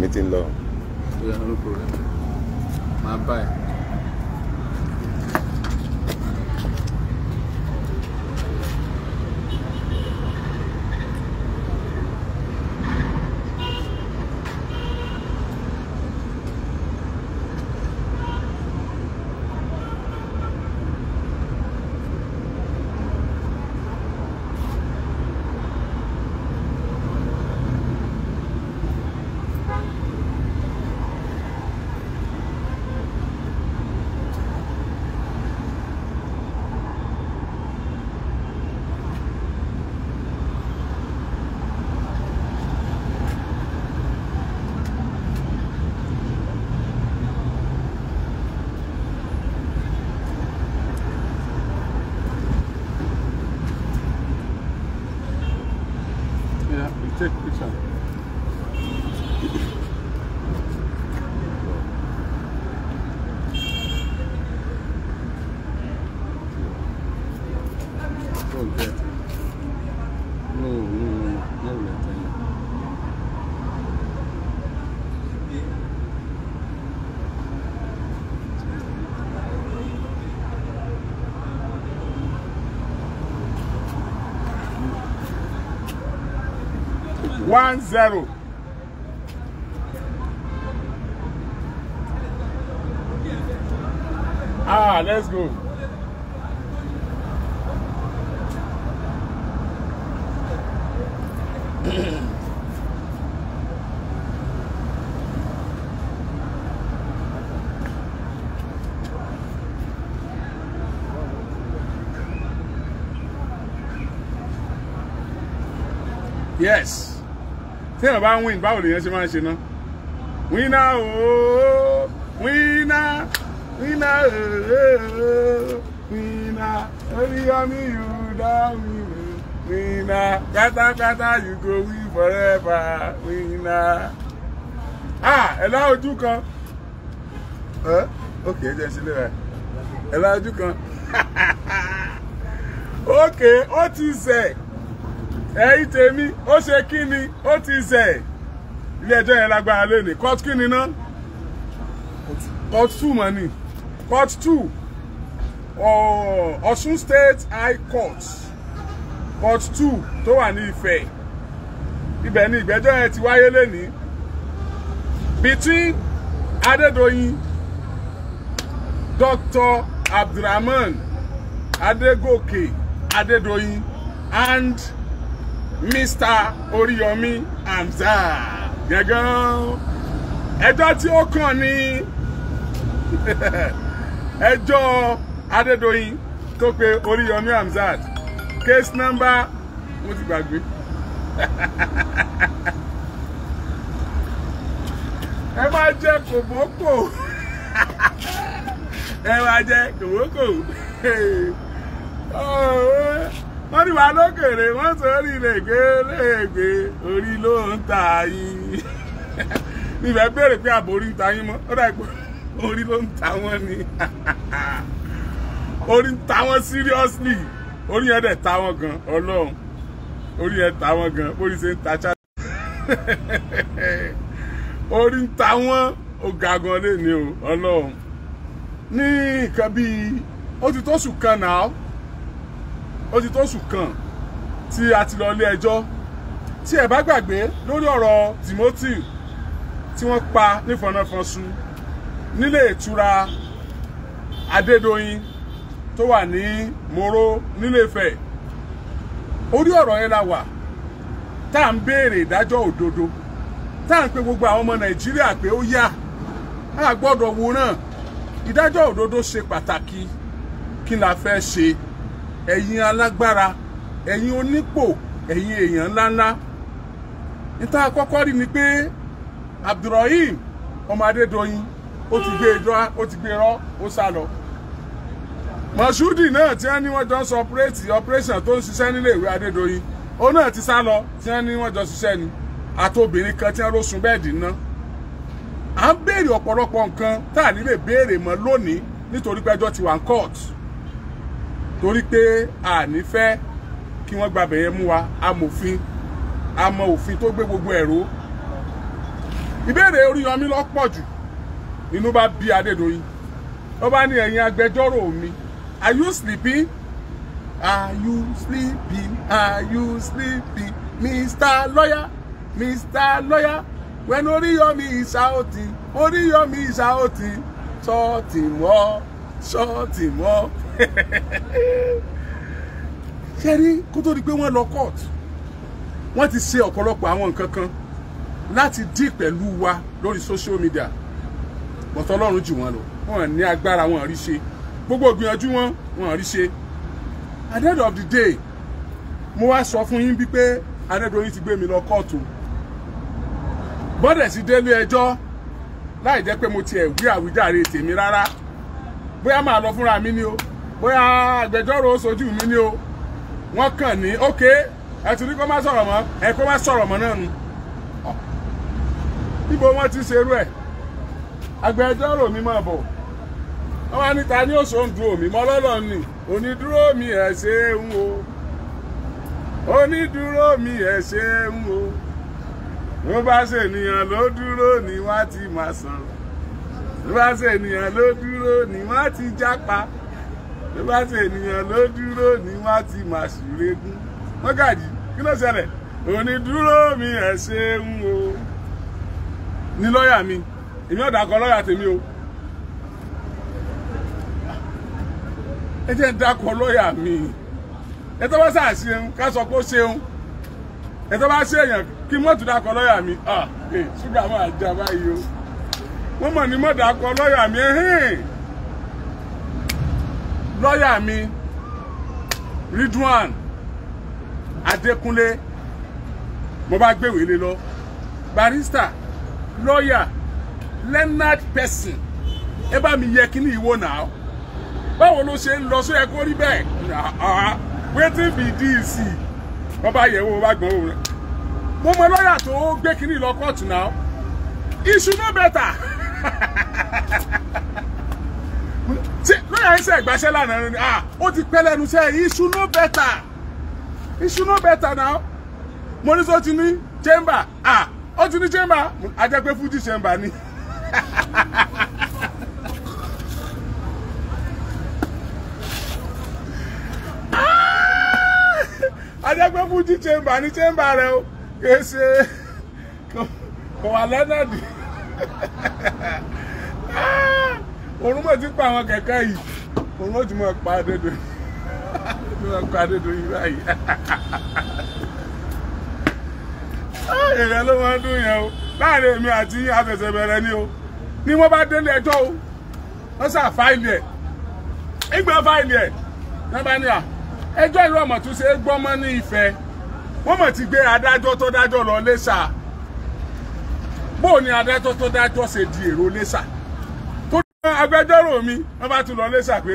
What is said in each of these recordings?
Meeting law. ń lọ. problem máa bá one zero. Ah, let's go. yes tí èèyàn bá ń win báwo lèèyàn ṣe máa ń ṣe náà wínà ooo wínà wínà ooo wínà oríyọmí yúdá mi wínà kátàkátà you go win forever wínà. ah ẹ̀lá ojú kan ẹ ok ẹ jẹ́ sílẹ̀ rẹ̀ ẹ̀lá ojú kan ok ó ti sẹ̀ ẹ̀yìn tèmi ó ṣe kí ni ó ti zẹ̀ ilé ẹjọ́ yẹn lágbára lónìí court kí ni náà court two mọ̀ ni court two Ọ̀ṣun State High Court court two tó wà ní Ifẹ̀ ibẹ̀ ni ìgbẹ́jọ́ yẹn ti wáyé lónìí between Adédoyin Dr. Abdulrahman Adegoke Adedoyin and Mr. Oríyọmí Hamzat gangan ẹjọ́ tí ó kàn ní ẹjọ́ Adédoyin tó pe Oríyọmí Hamzat case number mo ti gbàgbé ẹ máa jẹ kòbókò ẹ máa jẹ kòbókò. Oh, eh wọ́n ní wà lókèrè wọ́n sórí ilẹ̀ gbéléègbé orí ló ń ta yín ibẹ̀ béèrè pé àbò orí ń ta yín mọ́ ó dà pé orí ló ń ta wọ́n ni orí ń ta wọ́n seriously orí yẹn dẹ̀ ta wọ́n gan ọlọ́run orí yẹn ta wọ́n gan bórí ṣe ń ta ṣá orí ń ta wọ́n ó ga gan lé ní o ọlọ́run ní nǹkan bíi ó ti tó sùn kan náà ó ti tóṣù kan tí a ti lọ ilé ẹjọ́ tí ẹ bá gbàgbé lórí ọ̀rọ̀ Timothy tí wọ́n pa nífọnáfọnsu nílé ìtura Adédoyin tó wà ní Moro nílé Ifẹ̀ orí ọ̀rọ̀ yẹn la wà tá à ń béèrè ìdájọ́ òdodo tá à ń pe gbogbo àwọn ọmọ Nàìjíríà pé ó yá a gbọ́dọ̀ wòran ìdájọ́ òdodo ṣe pàtàkì kí la fẹ́ ṣe ẹ̀yin alágbára ẹ̀yin onípò ẹ̀yin èèyàn ńláńlá níta kọ́kọ́ rí ni pé Abdulrahim ọmọ Adédoyin ó ti gbé ìjọ ó ti gbé rọ ó sá lọ Mọ̀ṣúdì náà tí wọ́n ní wọ́n jọ ń sọ ọpẹ́rẹ́tì ọpẹ́rẹ́sàn tó ń ṣiṣẹ́ nílé ìwé Adédoyin ó náà ti sá lọ tí wọ́n ní wọ́n jọ ṣiṣẹ́ ni àtobìnrin kan tí wọ́n ló sun bẹ́ẹ̀dì ná à ń béèrè ọ̀pọ̀lọpọ̀ nǹkan tá à ní lè béèrè mọ́ lónìí nítorí pé ti wà ń kóòtù torí pé àní fẹ́ kí wọ́n gbàbẹ̀ yẹn mú wa amòfin àmọ́ òfin tó gbé gbogbo ẹ̀rọ ìbéèrè Oríyọmí ló pọ̀ inú bá bí Adédoyin ó bá ní ẹ̀yin agbẹjọ́rò mi are you sleeping are you sleeping are you sleeping mr lawyer mr lawyer when Oríyọmí is shouting Oríyọmí is shouting shouting more shouting more. ṣe rí kó tó di pé wọ́n lọ court wọ́n ti ṣe ọ̀pọ̀lọpọ̀ àwọn nǹkan kan láti dí pẹ̀lú wa lórí social media bọ̀tọ̀ ọlọ́run jù wọ́n lọ wọ́n ní agbára wọn rí ṣe gbogbo ìgbìyànjú wọn wọn rí ṣe at the end of the day mo wá sọ fún yín bí pé Adédoyin ti gbé mi lọ kóòtù bọ́dẹ̀ sí délé ẹjọ́ láì jẹ́ pé mo tiẹ̀ wí àwíjàre tèmi rárá bóyá máa lọ fúnra mi ni o bóyá agbẹjọ́rò sojú mi ni o wọ́n kàn ní ókè ẹ ti ní kó má sọ̀rọ̀ mọ́ ẹ kó má sọ̀rọ̀ mọ́ náà nu níbo wọ́n ti ṣerú ẹ̀ agbẹjọ́rò mi máa bọ̀ wọ́n wá níta ní òṣòǹdúró mi mọ́ lọ́lọ́ ni onídúró mi ẹ̀ ṣe é ń o onídúró mi ẹ̀ ṣe é ń o ló bá ṣènìyàn ló dúró ni wọ́n á ti máa sàn ló bá ṣènìyàn ló dúró ni wọ́n ti jápa bí bá ṣe ènìyàn ló dúró ní wá ti màṣúrégún mọ́gàjì kí ló ṣẹlẹ̀ òní dúró mi ẹ̀ ṣeun o ní lọ́ọ̀yà mi èmi ọ̀dà kan lọ́ọ̀yà tèmi o ẹ jẹ́ ń dákọ̀ lọ́ọ̀yà mi ẹ tó bá sáà ṣeun ká sọ pé ó ṣeun ẹ tó bá ṣe èèyàn kí mọ́tò dákọ̀ lọ́ọ̀yà mi ah, eh, ṣúgà máa já báyìí o wọ́n mọ̀ ní mọ́tò dákọ̀ lọ́ọ̀yà mi ẹ̀hìn lọ́ọ̀yà mi Ridwan Adékúnlé mo bá gbé ìwé lé lọ barista lọ́ọ̀yà Leonard Person ẹ bá mi yẹ kíní ìwò náà báwo ló ṣe ń lọ sóyẹ kó rí bẹ́ẹ̀ wetin be this wọ́n bá yẹ̀ wọ́n bá gbọ́n wò rẹ̀ mo mọ lọ́ọ̀yà tó gbé kíní lọ kóòtù náà it should know better. ẹsẹ̀ ìgbàṣẹ́ lánàá ni ó ti pẹ́ lẹ́nu iṣẹ́ iṣu no better iṣu no better now mo ní sọ ti ní chamber ó ti ní chamber ajẹ́ fuji chamber ni. ajẹ́ fuji chamber ni chamber rẹ o kò wà lẹ́nàdì ti pa àwọn kẹ̀kẹ́ yìí. òun ló ti mọ pa Adédoyin ló mọ pa Adédoyin báyìí èèyàn ah, ló máa ń dún yẹn o láàrin èmi àti afẹsẹ̀bẹ̀rẹ̀ ni o ni wọ́n bá délé ẹjọ́ o wọ́n sà fáìlì ẹ̀ ìgbà fáìlì ẹ̀ nàbàníà ẹjọ́ ìlú tún ṣe é gbọ́mọ́ ní wọ́n mọ̀ ti gbé adájọ́ tó dájọ́ lọ lẹ́sà ni adájọ́ tó dájọ́ ṣe di èrò lẹ́sà tó agbẹjọ́rò mi wọ́n bá tún lọ lẹ́sà pé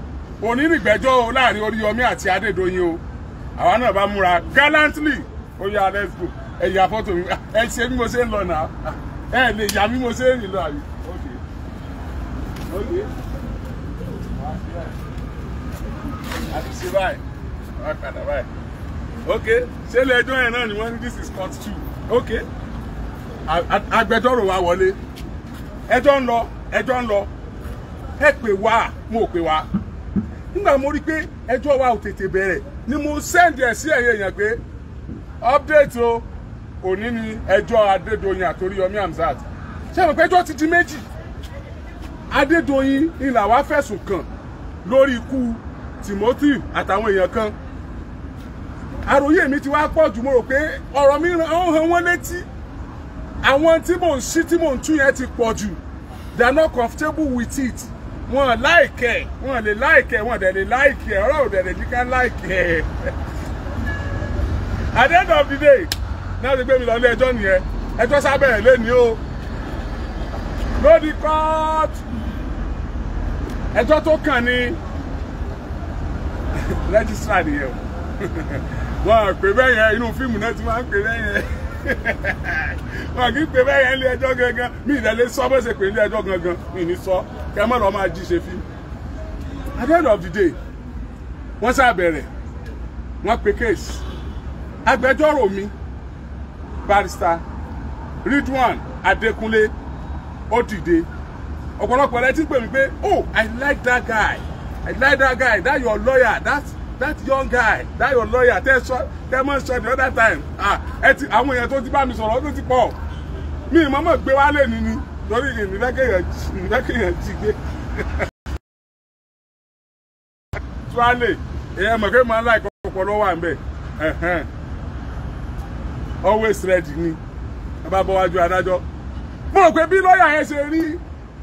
òní o láàrin Oríyọmí àti Adédoyin o àwa náà bá múra gallantly ó yá let's go ẹ fọ́tò mi ẹ ṣe bí mo ṣe ń lọ nà ẹ lè yà bí mo ṣe ń lọ àbí. àti ṣe báyìí wọ́n padà náà ni wọ́n this is court two ok agbẹjọ́rò wa wọlé ẹjọ́ ń lọ ẹjọ́ ń lọ ẹ pè wá mo pè wá nígbà mo rí pé ẹjọ́ wa ò tètè bẹ̀rẹ̀ ni mo sẹ́ndì ẹ̀ sí ẹ̀yẹ èèyàn pé update o òní ni ẹjọ́ Adédoyin àt'Oríyọmí Hamzat ṣé mo pé ẹjọ́ ti di méjì Adédoyin ni làwa fẹ̀sùn kàn lórí ikú Timothy àtàwọn èèyàn kan àròyé mi ti wá pọ̀ jù mo rò pé ọ̀rọ̀ mi ń han wọ́n létí àwọn tí mò ń ṣí tí mò ń tú yẹn ti pọ̀ jù they are not comfortable with it wọn láìkẹ wọn lè láìkẹ wọn dẹ̀ lè láìkẹ ọ̀rọ̀ ò dẹ̀ lè ní ká láìkẹ at the end of the day náà ti gbé mi lọ ilé ẹjọ́ nìyẹn ẹjọ́ sábẹ̀rẹ̀ lẹ́ni o lódì court ẹjọ́ tó kàn ní registrar nìyẹn o wọn à pè bẹ́ẹ̀ yẹn inú fíìmù náà ti máa ń pè bẹ́ẹ̀ yẹn wọn kì í pè bẹ́ẹ̀ yẹn ilé ẹjọ́ gangan mi ìdálé sọ bó ṣe pè ilé ẹjọ́ gangan mi ní sọ kẹ mọ̀ lọ́ọ́ máa jí ṣe fíìmù at the end of the day wọ́n ṣàbẹ̀rẹ̀ wọ́n pe case agbẹjọ́rò mi barrister Ridwan Adekunle ó dìde ọ̀pọ̀lọpọ̀ rẹ ti pè mí pé oh I like that guy I like that guy that your lawyer that that young guy that your lawyer Tell sọ tell mọ sọ the other time ah ẹ ti àwọn èèyàn tó ti bá mi sọ̀rọ̀ ó ló ti pọ̀ mi ìmọ̀ mọ̀ gbé wálé ni ni torí ìrìn nígbàkéèyàn ti gbé tíwálè èèyàn mọ̀ pé máa ń láì kọ́kọ́ lọ́wọ́ à ń bẹ̀ always ready ni bàbá bọ́ wájú adájọ́ mo rò pé bí lọ́ọ̀yà yẹn ṣe rí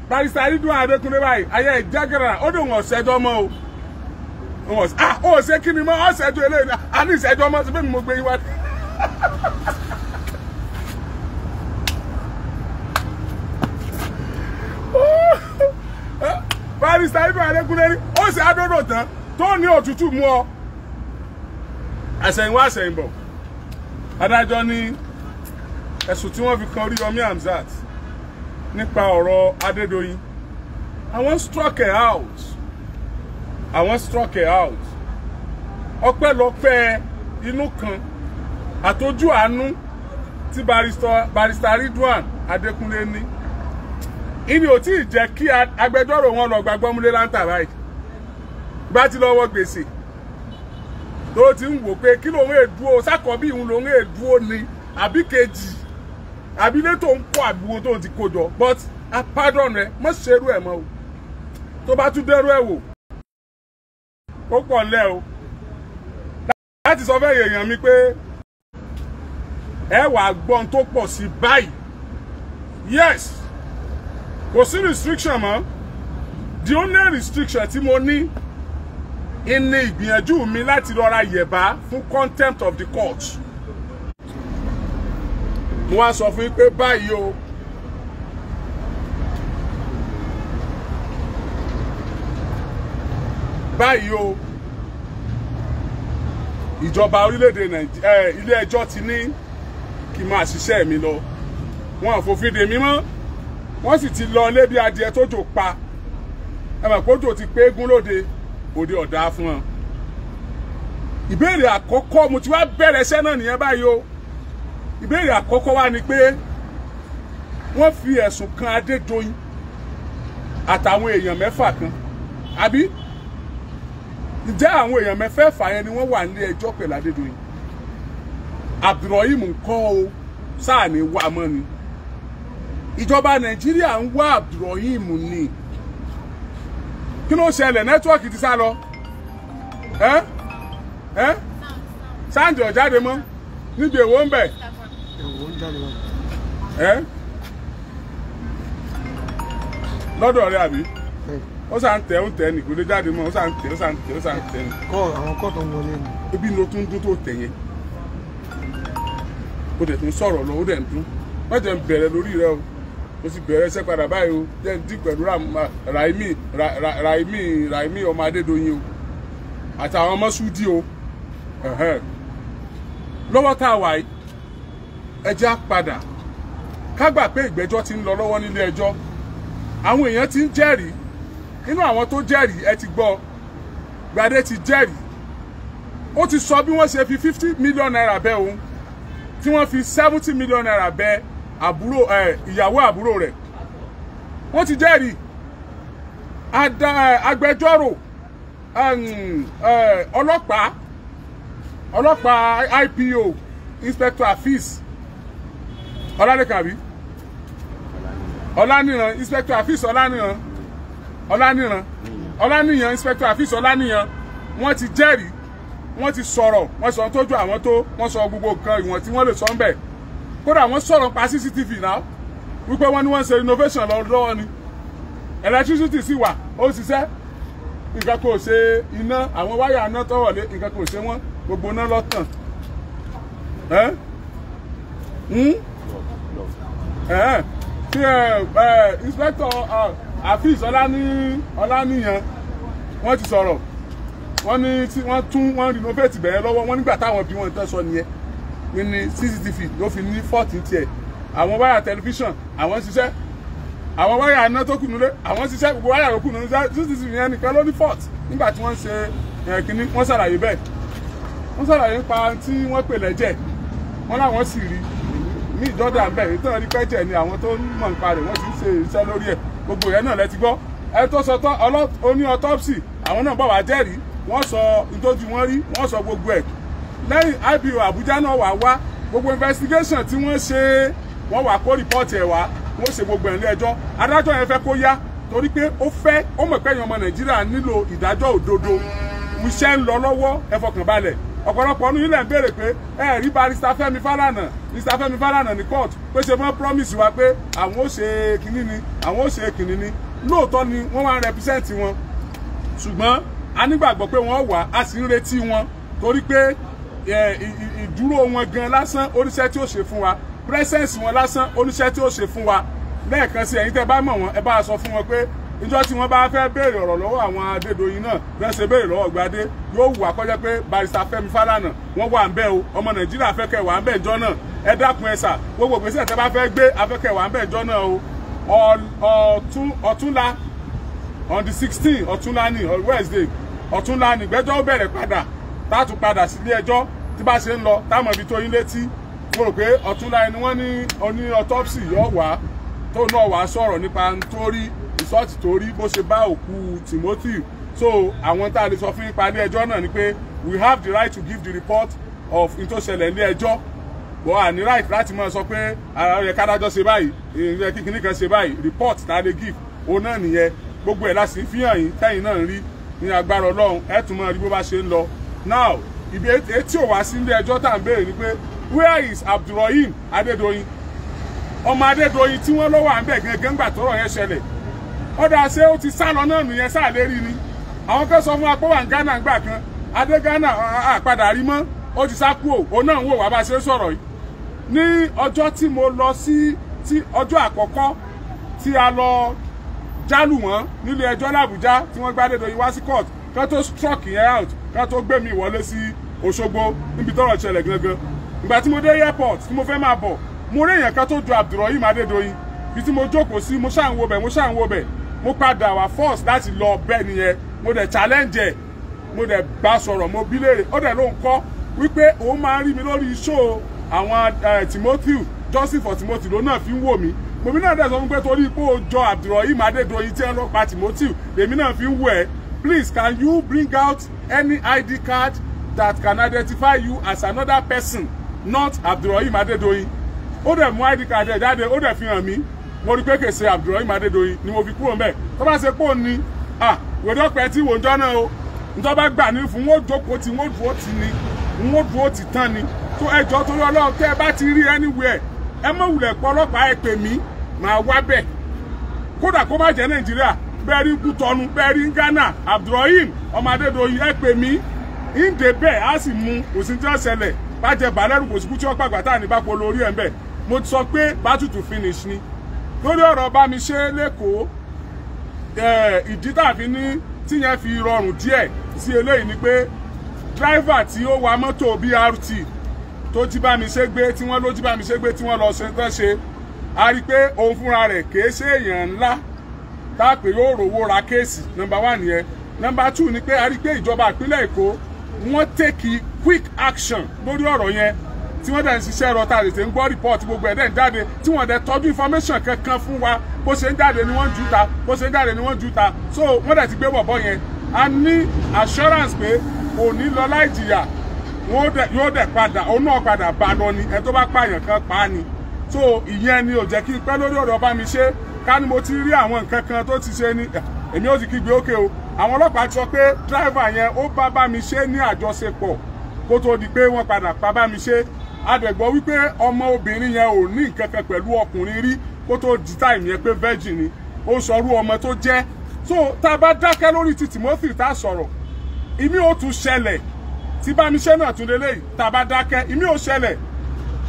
barista Ridwan Adékúnlé báyìí ayé ìjágẹ̀rẹ̀ ó dùn wọ́n ṣẹjọ́ mọ́ o wọ́n ṣe ah ó ṣe kí ni mọ́ ọ́ ṣẹjọ́ eléyìí ní ìṣẹ́jọ́ barista Ibrahim Adékúnlé rí ó sì adódò tán tó ní òtútù mú ọ àṣẹ̀yìnwá àṣẹ̀yìnbọ̀ adájọ́ ní ẹ̀sùn tí wọ́n fi kan Oríyọmí Hamzat nípa ọ̀rọ̀ Adédoyin àwọn struck her out àwọn struck her out ọpẹ́lọpẹ́ inú kan àtọ́jú àánú tí barista Ridwan Adékúnlé ní. ibi ò tí ì jẹ́ kí agbẹjọ́rò wọn lọ gbàgbọ́ múlé láńtà báyìí bá ti lọ́wọ́ gbèsè tó ti ń wò pé kí lòun èdúró ìhun lòun èdúró ni àbí kejì àbí ilé tó ń kọ́ àbúwo tó ti kó but pardon rẹ mọ́ ṣerú ẹ̀ mọ́ o tó bá tún dẹ́rú ẹ̀ wò ó pọ̀ ńlẹ́ o láti sọ fẹ́ èèyàn mi pé ẹ wàá gbọ́n tó pọ̀ sí báyìí yes. kò sí restriction mọ́ the only restriction tí mo ní in ni ìgbìyànjú mi láti rọra yẹ̀bá fún contempt of the court mo wá sọ fún yín pé báyìí o báyìí o ìjọba orílẹ̀-èdè Nàìjíríà eh, ilé ẹjọ́ ti ní kí n máa ṣiṣẹ́ mi lọ wọn àfòfin dè mí mọ́ wọ́n sì ti lọ lé bí adìẹ tójò pa ẹ mọ̀ kójò ti pé gún lóde òde ọ̀dà fún wọn. ìbéèrè àkọ́kọ́ mo ti wá bẹ̀rẹ̀ iṣẹ́ náà nìyẹn báyìí o ìbéèrè àkọ́kọ́ wa ni pé wọ́n fi ẹ̀sùn kan Adédoyin àtàwọn èèyàn mẹ́fà kan àbí ǹjẹ́ àwọn èèyàn mẹ́fẹ̀ẹ̀fà yẹn ni wọ́n wà nílé ẹjọ́ pẹ̀lú Adédoyin Abdulrahim ńkọ́ o sáà ní wàá mọ́ ni. Wa ìjọba nàìjíríà ń wá abdulrahim ni kí ló ṣẹlẹ̀ nẹ́tíwọ́ọ̀kì ti sá lọ sáǹdì ọ̀jáde mọ́ níbi èwo ń bẹ̀ lọ́dọ̀ rẹ àbí ó sà ń tẹ ó ń tẹ lè jáde mọ́ ó o tún dún tó o tún o rẹ mo ti bẹ̀rẹ̀ iṣẹ́ padà báyìí o jẹ́ ń pẹ̀lú Raimi Raimi Raimi ọmọ Adédoyin o àtàwọn ọmọ Súdí o lọ́wọ́ tá a wà yìí ẹjẹ́ á padà ká gbà pé ìgbẹ́jọ́ ti ń lọ lọ́wọ́ nílé ẹjọ́ àwọn èèyàn ti ń jẹ́rìí nínú àwọn tó jẹ́rìí ẹ ti gbọ́ Gbadé ti jẹ́rìí ó ti sọ bí wọ́n ṣe fi fifty million naira bẹ́ òun tí wọ́n fi seventy million naira bẹ́ẹ́ àbúrò ìyàwó àbúrò rẹ̀ wọ́n ti jẹ́rìí agbẹjọ́rò um, ọlọ́pàá ọlọ́pàá IPO inspector afis ọlálẹ́kàbí ọláníran inspector afis ọláníran ọláníran ọláníyan inspector afis ọláníyan wọ́n ti jẹ́rìí wọ́n ti sọ̀rọ̀ wọ́n sọ tójú àwọn tó wọ́n sọ gbogbo nǹkan ìwọ̀n tí wọ́n lè sọ ń bẹ̀ kódà wọ́n sọ̀rọ̀ pa cctv náà wípé wọ́n ní wọ́n ṣe innovation lọ́wọ́ ni electricity sì wà ó ṣiṣẹ́ nǹkan kò ṣe iná àwọn wáyà iná tọ́wọ̀lé nǹkan kò ṣe wọ́n gbogbo iná lọ́tàn tí hmm? inspector afis ọláníyàn wọ́n ti sọ̀rọ̀ wọ́n ní tí wọ́n tún wọ́n renovate bẹ̀rẹ̀ lọ́wọ́ wọ́n nígbà táwọn bí wọ́n tẹ́ sọ nìyẹn ní cctv ló fi ní fọ́ọ̀tì tiẹ̀ àwọn wáyà tẹlifíṣàn àwọn ń ṣiṣẹ́ àwọn wáyà iná tó kù nílé àwọn ń ṣiṣẹ́ gbogbo wáyà tó kù nílé cctv yẹn nìkan ló ní fọ́ọ̀tì nígbà tí wọ́n ń ṣe kínní wọ́n ṣàlàyé bẹ́ẹ̀ wọ́n ṣàlàyé nípa tí wọ́n pè lẹ́jẹ̀ wọ́n láwọn sì rí ní ìjọ́dá ń bẹ̀ nítorí pẹ́jẹ̀ ni àwọn tó mọ̀ nípa rẹ̀ wọ́n ti ń ṣe iṣẹ́ lórí ẹ̀ gbogbo yẹn náà lẹ ti gbọ́ ẹ tó sọ tán oní autopsy àwọn náà bọ̀ wá jẹ́rìí wọ́n sọ ìtọ́jú wọn rí wọ́n sọ gbogbo ẹ̀ lẹ́yìn ibo Àbújá náà wà wá gbogbo investigation tí wọ́n ṣe wọ́n wà kó rìpọ́ọ̀tì ẹ̀ wá wọ́n ṣe gbogbo ẹ̀lẹ́ ẹjọ́ adájọ́ yẹn fẹ́ kó yá torí pé ó fẹ́ ó mọ̀ pé ẹ̀yin ọmọ Nàìjíríà nílò ìdájọ́ òdodo iṣẹ́ ń lọ lọ́wọ́ ẹ fọkàn balẹ̀ ọ̀pọ̀lọpọ̀ ọdún yìí lẹ̀ ń béèrè pé ẹ rí barista Fẹ́mi Fálànà mr Fẹ́mi Fálànà ní court pé ṣe wọ́n promise wa pé àwọn ó ṣe kínní ni àwọn ó ṣe kínní ni lóòótọ́ ni wọ́n wá represent wọn ṣùgbọ́n a nígbàgbọ́ pé wọ́n wà á sì ń retí wọn torí pé ìdúró wọn gan lásán oníṣẹ́ tí ó ṣe fún wa presence wọn lásán oníṣẹ́ tí ó ṣe fún wa lẹ́ẹ̀kan sí ẹ̀yin tẹ́ bá mọ̀ wọn ẹ bá sọ fún wọn pé níjọ́ tí wọ́n bá fẹ́ béèrè ọ̀rọ̀ lọ́wọ́ àwọn Adédoyin náà bí wọ́n ṣe béèrè lọ́wọ́ Gbadé yóò wù àkọ́jọ́ pé barista Fẹ́mi Fálànà wọ́n wà ń bẹ̀ o ọmọ Nàìjíríà afẹ́kẹ́ wà ń bẹ̀ jọ́ náà ẹ dákun ẹ sà gbogbo ìgbésẹ̀ tẹ́ bá fẹ́ gbé afẹ́kẹ́ wà ń bẹ̀ jọ́ náà o ọ̀túnla on the sixteen ọ̀túnla ní Wednesday ọ̀túnla ní ìgbẹ́jọ́ bẹ̀rẹ̀ padà tátù padà sílé ẹjọ́ tí bá ṣe ń lọ táwọn ibi tó yín létí mo rò pé ọ̀túnla ẹni wọ́n ní oní autopsy yóò wá tó náà wá sọ̀rọ̀ nípa tó rí ìsọ́ọ̀tì tó rí bó ṣe bá òkú Timothy so àwọn tá a lè sọ fún ipa ilé ẹjọ́ náà ni pé we have the right to give the report of n tó ṣẹlẹ̀ ilé ẹjọ́ bọ́ à ní right láti máa sọ pé ara yẹ kádájọ́ ṣe báyìí ìyẹn kíkiní kan ṣe báyìí report tá a lè give òun náà nìyẹn gbogbo ẹ̀ láti fi hàn yín tẹ́yìn náà ń rí ní agbára Ọlọ́run ẹ̀ tún máa rí bó bá ṣe ń lọ now ibi etí ò wá sí ilé ẹjọ́ tá à ń ni pé where is Abdulrahim Adédoyin ọmọ Adédoyin tí wọ́n lọ́wọ́ à ń bẹ̀ gẹ́gẹ́ ńgbà tọ́rọ̀ yẹn ṣẹlẹ̀ ọ̀dà ṣé ó ti sá lọ náà nìyẹn sáàlẹ́ rí ni àwọn kan sọ fún wa pé wà ń Ghana ńgbà kan adé Ghana àpadà rí mọ́ ó ti sá kúò òun náà ń wò wá bá ṣe sọ̀rọ̀ yìí ní ọjọ́ tí mo lọ sí tí ọjọ́ àkọ́kọ́ tí a lọ jálù wọ́n nílé ẹjọ́ làbújá tí wọ́n gbá Adédoyin wá sí court kan tó struck yẹn out kan tó gbé mi wọlé sí Òṣogbo níbi tọ́rọ̀ ṣẹlẹ̀ gangan ìgbà tí mo dé airport tí mo fẹ́ máa bọ̀ mo rí èèyàn kan tó ju Abdulrahim Adédoyin bí tí mo jókòó sí mo ṣáà wo bẹ̀ mo ṣáà wo bẹ̀ mo padà wá force láti lọ bẹ́ẹ̀ nìyẹn mo dẹ̀ challenge ẹ̀ mo dẹ̀ bá sọ̀rọ̀ mo bí léèrè ó dẹ̀ ló ń wípé òun máa ń rí mi lórí show àwọn Timothy justin for Timothy ló náà fi ń wò mí mòmí náà dẹ̀ sọ wípé torí pé ó jọ Abdulrahim Adédoyin tí ẹ lọ pa Timothy lèmi náà fi ń wò ẹ́ please can you bring out any ID card that can identify you as another person not Abdulrahim Adedoyin o de mú id card ẹ̀ o de fi hàn mí mo rí pé kèsè Abdulrahim Adedoyin ni mo fi kúrò mbẹ̀ tó bá ṣe pò ní à wèdè ọpẹ tí wò ń jọ náà o nítorí bá gbà ní fún wọn jókòó tí wọn dúró tì ní wọn dúró tì tán ni tó ẹjọ́ torí Ọlọ́run tẹ́ ẹ bá ti rí anywhere ẹ mọ̀ wùlẹ̀ pọ̀ ọlọ́pàá ẹ pè mí màá wá bẹ̀ kódà kó má jẹ́ Nàìjíríà bẹ́ẹ̀ rí Kútọ́nù bẹ́ẹ̀ rí Ghana Abdulrahim ọmọ Adedoyin ẹ pè ìǹdè bẹ́ẹ̀ á sì mú òsì tí wọ́n ṣẹlẹ̀ bàjẹ́ bàlẹ́rù kò síkú tí wọ́n pàgbà tá à ní bá polo orí ẹ̀ ń bẹ̀ mo sọ pé bátùtù finish ni lórí ọ̀rọ̀ bá mi ṣe lẹ́kọ̀ọ́ ìdí tàbí ní tíyẹn fi rọrùn díẹ̀ sí eléyìí ni pé dráìvà tí ó wa mọ́tò BRT tó jí bá mi ṣe gbé tí wọ́n ló jí bá mi ṣe gbé tí wọ́n lọ ṣe tán ṣe a rí i pé òun fúnra rẹ̀ kìí ṣe èèyàn ńlá tá a pè yóò rówó ra kéèsì nọ́mbà wà nìyẹn nọ́mbà tù ni pé a rí i pé ìjọba ìpínlẹ̀ Èkó wọ́n tèkì quick action lórí ọ̀rọ̀ yẹn tí wọ́n dẹ̀ ń ṣiṣẹ́ rọ tá a ń gbọ́ report gbogbo ẹ̀ dẹ̀ ń jáde tí wọ́n dẹ̀ tọ́jú information kankan fún wa bó ṣe ń jáde ni wọ́n ń júta bó ṣe ń jáde ni wọ́n ń júta so wọ́n dẹ̀ ti gbé bọ̀bọ̀ yẹn a ní assurance pé kò ní lọ láì jìyà yóò dẹ̀ padà òun náà padà bá lọ ni ẹni tó bá pààyàn kan pa á ni so ìyẹn ni ò jẹ́ kí n pẹ́ lórí ọ̀rọ̀ bá mi ṣe ká ní mo ti rí àwọn nǹkan kan tó ti ṣe ni èmi ó sì kígbe ókè o àwọn ọlọ́pàá sọ pé dráìvà yẹn ó bá bá mi ṣe ní àjọṣepọ̀ kó tó di pé wọ́n padà pa bá mi ṣe adẹ̀gbọ́ wípé ọmọ obìnrin yẹn ò ní nǹkan pẹ̀lú ọkùnrin rí kó tó di táìmù yẹn pé virgin ni ó sọrú ọmọ tó jẹ́ so tá a bá dákẹ́ lórí ti Timothy tá a sọ̀rọ̀ ìmí ó tún ṣẹlẹ̀ tí bá mi ṣe náà tún lélẹ́yìí tá a bá dákẹ́ ìmí ó ṣẹlẹ̀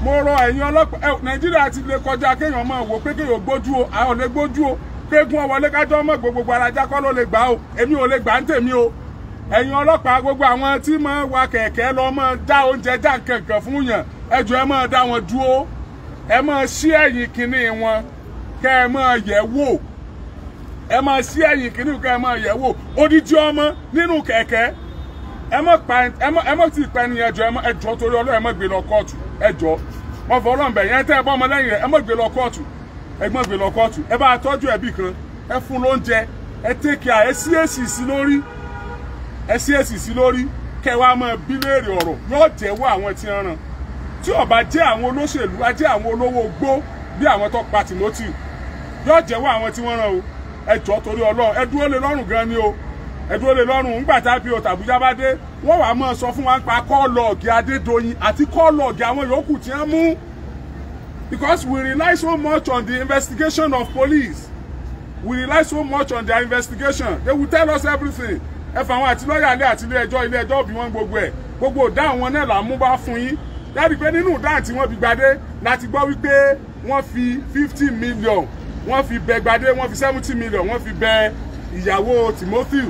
mo rọ ẹ̀yin ọlọ́pàá nàìjíríà ti lè kọjá kéèyàn máa wò pé kéèyàn gbójú o àwọn ò lè gbójú o gbégún ọwọlé kájọ mọ gbogbo ara jákọ ló lè gbà ó èmi ò lè gbà o ẹ̀yin ọlọ́pàá gbogbo àwọn tí wa kẹ̀kẹ́ lọ dá oúnjẹ nkankan fún yàn ẹ dá wọn dúró ẹ ẹ̀yìn wọn kẹ́ ẹ yẹ̀ wò ẹ ẹ̀yìn kẹ́ ẹ yẹ̀ wò odidi ọmọ nínú kẹ̀kẹ́ ẹ pa ti pa ènìyàn torí ẹ gbé lọ kóòtù yẹn tẹ́ ẹ bọ́ ọmọ lẹ́yìn ẹgbọ́n gbé lọ kóòtù ẹ bá tọ́jú ẹbí kan ẹ fún lóúnjẹ ẹ tẹ́kẹ̀ à ẹ sí èsì sí lórí ẹ sí èsì sí lórí kẹwàá máa bí léèrè ọ̀rọ̀ yóò jẹ́wọ́ àwọn tí ń ran tí ó bá jẹ́ àwọn olóṣèlú á jẹ́ àwọn olówó gbó bí àwọn tó pa Timothy yóò jẹ́wọ́ àwọn tí wọ́n rán o ẹ jọ̀ọ́ torí Ọlọ́run ẹ dúró lé lọ́rùn gan ni o ẹ dúró lé lọ́rùn ńgbà tá a fi òtà Àbújá bá dé wọ́n wàá máa sọ fún wa pa kọ́ọ̀lọ́ọ̀gì Adédoyin àti kọ́ọ̀lọ́ọ̀gì àwọn yòókù tí wọ́n mú because we rely so much on the investigation of police we rely so much on their investigation they will tell us everything ẹ fà wọn àti lọ́ọ̀yà ilé àti ilé ẹjọ́ ilé ẹjọ́ bí wọ́n gbogbo ẹ̀ gbogbo ìdáhùn wọn náà là ń mú bá fún yín dábì pé nínú ìdáhùn tí wọ́n fi gbadé láti gbọ́ wípé wọ́n fi fifty million One fee, bẹ bad. One fee, seventy million One wọ́n fi bẹ ìyàwó Timothy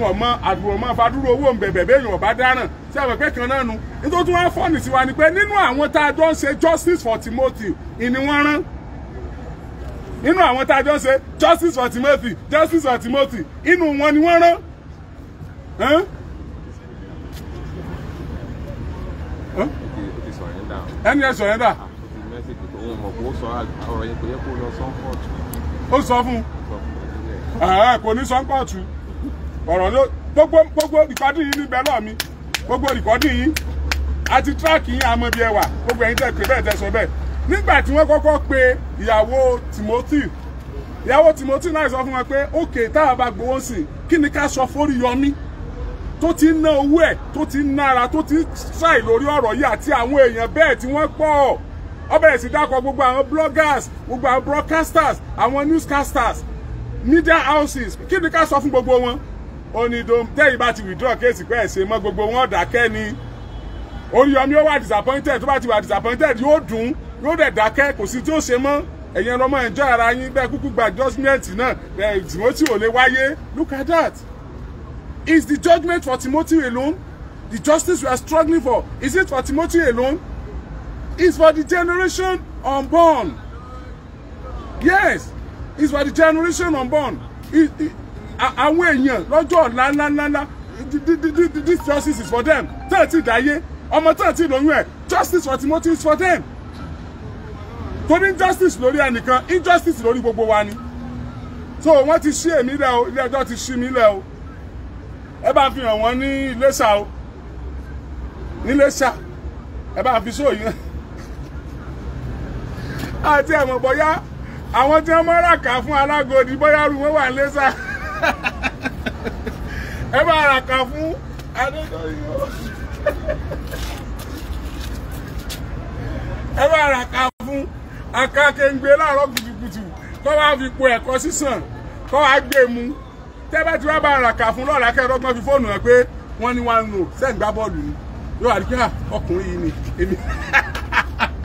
wọn mọ àdúrò mọ fadúró owó nbẹ̀bẹ̀ bẹ́ẹ̀ yàn ọ̀bá dáràn tí a mọ̀ pé kan náà nu nítorí tí wọ́n fọ́ọ̀nì sí wa ni pé nínú àwọn tá a jọ ń ṣe justice for Timothy ìní wọ́n rán nínú àwọn tá a jọ ń ṣe justice for Timothy justice for Timothy inú wọn ni wọ́n rán. ẹni ẹ sọ̀rọ̀ dà. ó sọ fún un kò ní sọ́ńpọ̀tù ọ̀rọ̀ ló gbogbo gbogbo rìkọ́dì yìí níbẹ̀ lọ́ọ̀ mi gbogbo rìkọ́dì yìí àti tíráàkì yìí àmọ́ ibi ẹwà gbogbo ẹ̀yin tẹ̀ pé bẹ́ẹ̀ tẹ̀ sọ bẹ́ẹ̀ nígbà tí wọ́n kọ́kọ́ pe ìyàwó Timothy ìyàwó Timothy náà sọ fún wọn pé òkè tá a bá gbowó sí kí ni ká sọ fórí yọmí tó ti ń ná owó ẹ̀ tó ti ń nára tó ti ń ṣàì lórí ọ̀rọ̀ yìí àti àwọn èèyàn bẹ́ẹ̀ tí wọ́n pọ̀ ọ bẹ̀rẹ̀ sí dákọ̀ gbogbo àwọn bloggers gbogbo àwọn broadcasters àwọn newscasters media houses kí ni ká sọ fún gbogbo wọn ó ní dom tẹ́yìn bá ti withdraw case. pé ẹ̀sẹ̀ mọ́ gbogbo wọn dákẹ́ ni Oríyọmí ó wà disappointed tó bá ti wà disappointed yóò dùn yóò dẹ̀ dákẹ́ kò sí tí ó ṣe mọ́ ẹ̀yin ọmọ ẹ̀jọ́ ara yín bẹ́ẹ̀ kúkú gba judgement náà ẹ̀ Timothy ò lè wáyé look at that is the judgement for Timothy alone the justice we are struggling for is it for Timothy alone Is for the generation unborn yes Is for the generation unborn it, it, àwọn èèyàn lọ́jọ́ ọ̀la ńláńlá this justice is for them tẹ́ẹ̀ tí dáyé ọmọ tẹ́ẹ̀ tí lóyún ẹ̀ justice for Timothy is for them torí justice, lórí ẹnìkan injustice lórí gbogbo wa ni so wọ́n ti ṣí èmi lẹ́ o ilé ẹjọ́ ti ṣí mi lẹ́ o ẹ bá fi hàn wọ́n ní Iléṣà o ní Iléṣà ẹ bá fi sóòyìn àti ẹ̀mọ̀ bọ́yá àwọn tí wọ́n mọ́ra kà fún Alágòdì bóyá rú wọn wà ní Iléṣà ẹ bá ara kà fún adédọ́yọ̀ ẹ bá ara kà fún akákéńgbé láàárọ̀ kùtùkùtù kọ́ wá fi po ẹ̀kọ́ sísàn kọ́ wá gbé e mu tẹ́ bá ti wá bá ara kà fún lọ́ọ̀lá kẹ́ẹ̀dọ́gbọ́n fi fóònù ẹ̀ pé wọ́n ní wá lò sẹ́ǹgbá bọ́ọ̀lù ni yóò àdúgbò ah, ọkùnrin yìí ni èmi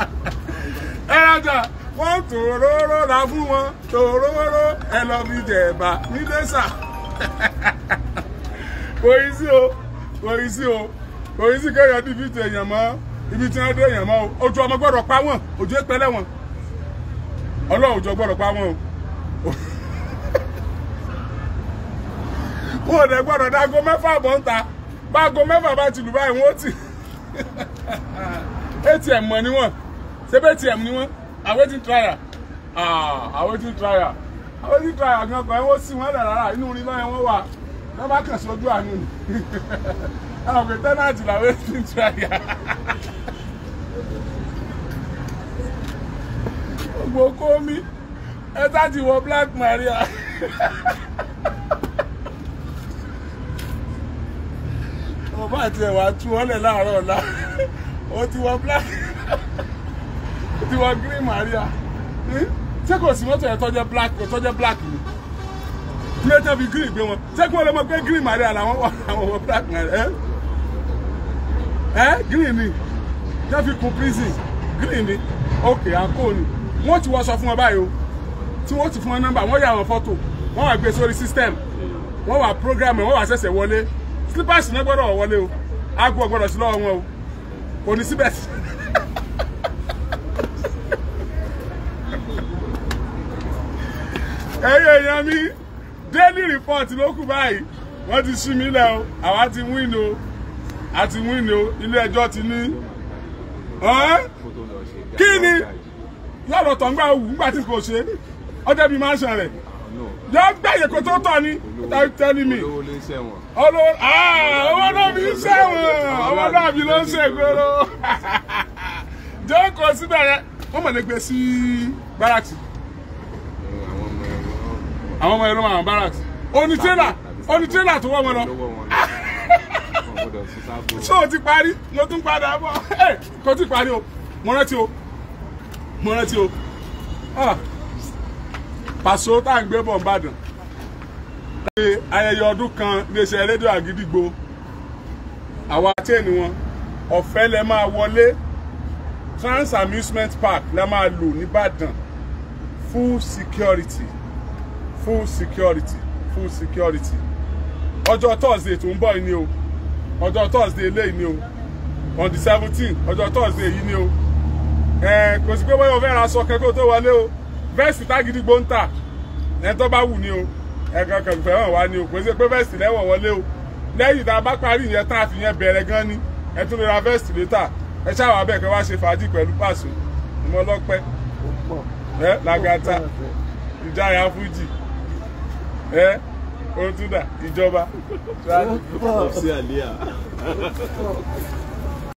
ẹ rájà wọ́n tòróró la fún wọn tòróró ẹ lọ fi jẹ̀bà nílẹ̀ṣà kò yí sí o kò yí sí o kò yí sí kéèyàn bí fìtì èèyàn mọ́ ibi tí wọ́n dé èèyàn mọ́ o ojú ọmọ gbọ́dọ̀ pa wọ́n ojú ìpẹ́lẹ̀ wọn ọlọ́run ojú gbọ́dọ̀ pa wọ́n o wọn ò dẹ̀ gbọ́dọ̀ dágo mẹ́fà bọ́ ń ta bágo mẹ́fà bá ti lù báyìí wọ́n ti atm mọ̀ ni wọ́n ṣé bẹ́ẹ̀ atm ni wọ́n awaiting trial ah awaiting trial awaiting trial gan kan wọ́n sì wọ́n dára inú rí báyẹn wọ́n wà wọ́n bá kàn sójú àánú ni àwọn òkè tẹ́nàtì là awaiting trial gbogbo kó mi ẹ e sá ti wọ Black Maria. ọba àti ẹwà tú ọlẹ láàárọ̀ ọ̀la ó ti e wọ black tiwọn green maria ṣé kò sí mọ́tò yẹn tọ́jẹ́ black tọ́jẹ́ black ni plate fi green gbé wọn ṣé kí wọ́n lọ mọ̀ pé green maria làwọn wọ àwọn wọ black maria ẹ ẹ green ni jẹ́ fi kun prison green ni ok àǹkó ni wọ́n ti wọ́n sọ fún wọn báyìí o tí wọ́n ti fún wọn nọ́mbà wọ́n yà wọn fọ́tò wọ́n wà gbé sórí system wọ́n wà program wọ́n wà ṣẹ̀ṣẹ̀ wọlé slippers náà gbọ́dọ̀ wọlé o aago gbọ́dọ̀ sí lọ́wọ́ wọn o kò ní síbẹ̀ sí. ẹ̀yin èèyàn mi daily report ló kù báyìí wọ́n ti ṣí mi lẹ̀ o àwa ti win o a ti win o ilé ẹjọ́ ti ní kí ni yọ̀rọ̀ tó ń gbà wù nígbà tí kò ṣe ọjọ́ bíi máa ń ṣẹlẹ̀ yọ gbàyè kó tó tọ̀ ni tẹ́lí mi owó náà mi ń ṣẹ̀wọ̀n owó náà mi ló ń ṣègbèrò ah, jókòó síbẹ̀ yẹn wọ́n mọ̀ lè gbé sí báràkì àwọn ọmọ ẹ̀rọ àwọn barracks onítẹ́là onítẹ́là tó wọ́ wọn lọ ṣé o ti parí ló tún padà bọ̀ kò tí parí o mo rántí o mo rántí o ah. pàṣọ tá à ń gbé bọ̀ ń bàdàn ayẹyẹ ọdún kan iléeṣẹ́ rédíò àgídìgbò àwọn àtẹ́ẹ̀nì wọn ọ̀fẹ́ lẹ máa wọlé trans amusement park la máa lò nìbàdàn full security full security full security ọjọ́ thursday tó ń bọ̀ yìí ni o ọjọ́ thursday eléyìí ni o on the seventeen ọjọ́ thursday yìí ni o ẹ kò sí pé wọ́n yóò fẹ́ ra aṣọ kẹ́kọ̀ọ́ tó wọlé o vẹ́ẹ̀sì tágídígbò ń tà ẹ tó bá wù ni o ẹ̀kan kan fẹ́ràn wá ni o kò sí pé vẹ́ẹ̀sì lẹ́wọ̀ wọlé o lẹ́yìn tá a bá parí ìyẹn tá a fi yẹn bẹ̀rẹ̀ gan ni ẹ tún lè ra vẹ́ẹ̀sì létà ẹ ṣáà bẹ́ẹ̀ kẹ́ wá ṣe fàájì pẹ̀lú pàṣẹ ìmọ̀lọ́pẹ́ ẹ làgàtà ìdárayá fújì ẹ o tún dà ìjọba.